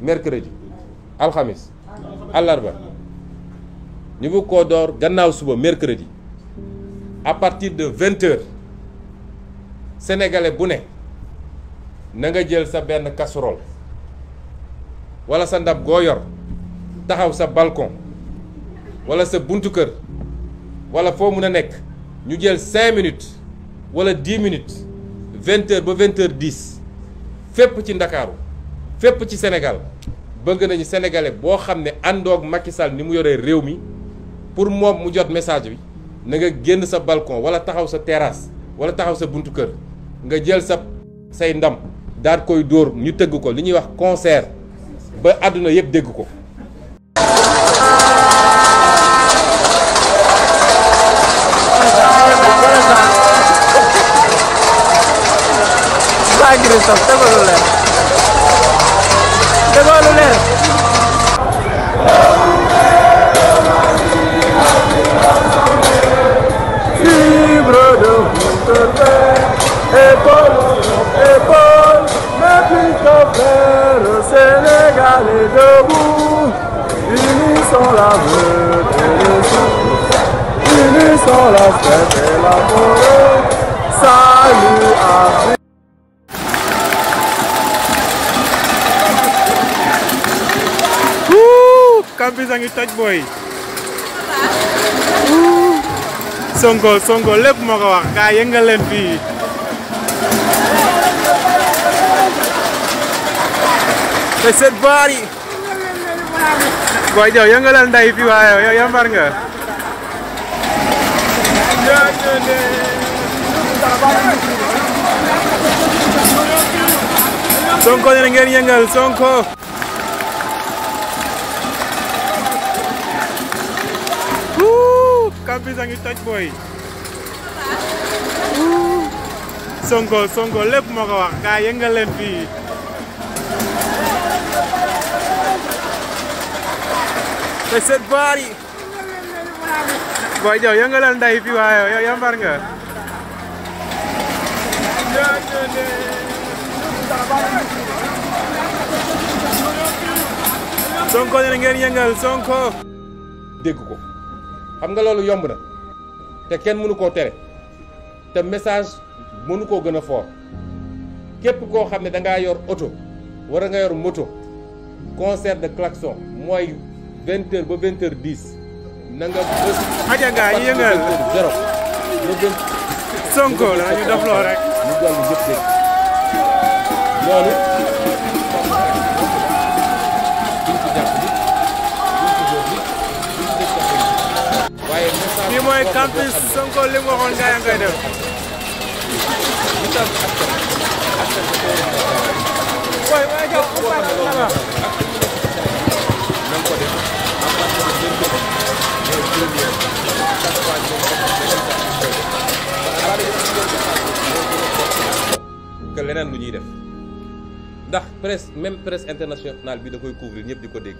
mercredi, Al-Khamis, Al-Arba. Niveau Kodor, Ganaoussouba, mercredi. À partir de 20h, Sénégalais Bouné, Nangadjel Saberne Casserole, Wala Sandab Goyor, Tahaou sa balcon, Wala sa Buntuker, Wala Fomounanek, Nugel 5 minutes, Wala 10 minutes, 20h, 20h10, Fait petit Dakar... fépp ci Sénégal bëgg nañu sénégalais bo xamné ne àndoog Macky Sall ni mu yoré réew mi pour mom mu jot message bi na nga génn sa balcon wala taxaw sa terrasse wala taxaw sa buntu kër nga jël sa say ndam daal koy door ñu tegg ko li ñuy wax concert ba aduna yépp dégg ko. Terima kasih telah menonton! amoureux de Jésus. Unis sont la fête et Songo songo lepp moko wax ga yengal len fi. They said body. Guayda, yang galan dai piu ayo, yang yang barang ke? Songko yang ngeri yang gal, songko. Woo, kampis angin touch boy. Woo, songko, songko, lep mau kau, kau yang galan piu. I bari. Boy, jauh yang galan dah piu ayo, yang yang bar Songko Sonko dina ngeen yëngal Sonko. dégg ko xam nga loolu yang bener. te kenn mënu koo te message mënu koo gën a Kep képp koo ne yor auto, wara yor moto Konser de klakson moyu. vingt heures ba vingt heures dix na yëngal zéro ba Sonko la ñu def loo rek. ñu dolli ñëpp mooy campus Sonko li mu waxoon Ngaye ngay même côté en passant ñuy def ndax presse même presse internationale bi da koy couvrir ñëpp di ko dégg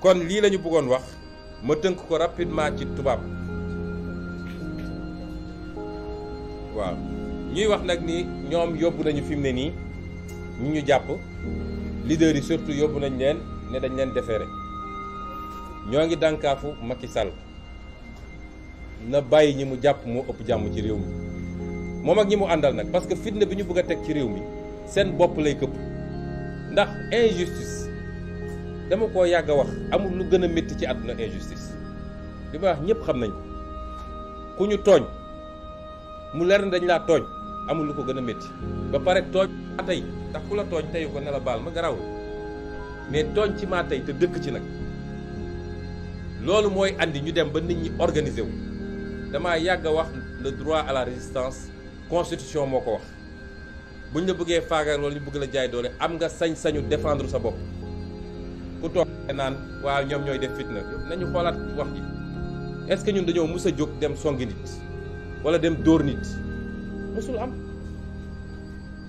kon lii lañu bëggoon wax ma tënk ko rapidement ci tubaab waaw ñuy wax nag ni ñoom yóbbu nañu fi ne nii ñu ñu jàpp leader yi surtout yóbbu nañ leen. ne dañ leen defeere ñoo ngi dànkaafu Macky sal na bàyyi ñi mu jàpp moo ëpp jàmm ci réew mi moo mag ñi mu àndal nag parce que fitna bi ñu bëgg a teg ci réew mi seen bopp lay këpp ndax injustice dama koo yàgg a wax amul lu gën a métti ci àdduna injustice li ma wax ñëpp xam nañ ku ñu tooñ mu leer na dañ laa tooñ amul lu ko gën a métti ba pare tooñ a tey ndax ku la tooñ teyu ko ne la baal ma garawul mais tooñ ci maa tey te dëkk ci nag loolu mooy andi ñu dem ba nit ñi organiser wu damaa yàgg a wax le droit à la résistance constitution moo ko wax buñ la bëggee faagaar loolu ñu bëgg la jaay doole am nga sañ-sañu défendre sa bopp ku toog naan waaw ñoom ñooy def fitna nañu xoolaat wax ji est-ce que ñun dañoo mus a jóg dem songi nit wala dem dóor nit musul am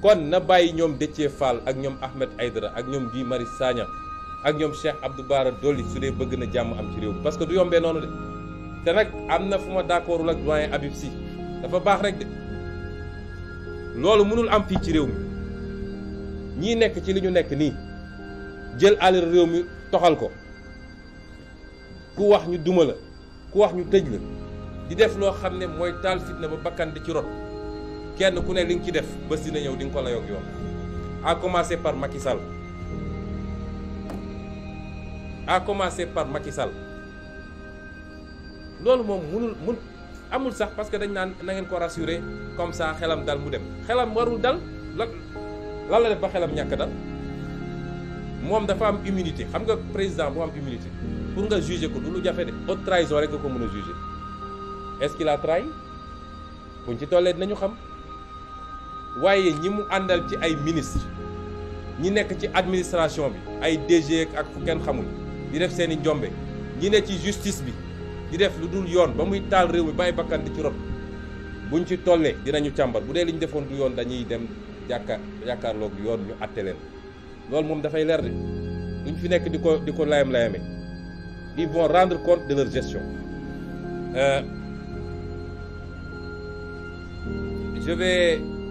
kon na bàyyi ñoom Déthié Fall ak ñoom Ahmed Aydara ak ñoom bii mari saaña ak ñoom Cheikh Abdou Bara Dolly su dee bëgg na jàmm am ci réew mi parce que du yombee noonu de te nag am na fu ma d'accordul ak doyen Habib Sy dafa baax rek de loolu mënul am fii ci réew mi ñii nekk ci li ñu nekk nii jël alal réew mi toxal ko ku wax ñu duma la ku wax ñu tëj la di def loo xam ne mooy taal fitna ba bakkan di ci rot kenn ku ne li ngi ci def bés dina ñew di ngi ko layoog yoon par Macky Sall a commencé par Macky Sall lolu mom mënul mën amul sax parce que dañ nan na ngeen ko rassurer comme ça xelam dal mu dem xelam warul dal la lan la def ba xelam ñak dal mom dafa am immunité xam nga président bu am immunité pour nga juger ko du lu jafé de haute trahison rek ko mëna juger est-ce qu'il a trahi buñ ci tollé dinañu xam waaye ñi mu àndal ci ay ministre ñi nekk ci administration bi ay DG ak fu kenn xamul di def seen i njombe ñi ne ci justice bi di def lu dul yoon ba muy taal réew mi bàyyi bakkan di ci rot buñ ci tollee dinañu càmbar bu dee li defoon du yoon dañuy dem jàkkaar jàkkaarloog yoon ñu àtte leen loolu moom dafay leer de duñ fi nekk di ko di ko layam-layame ils vont rendre compte de leur gestion euh, je vais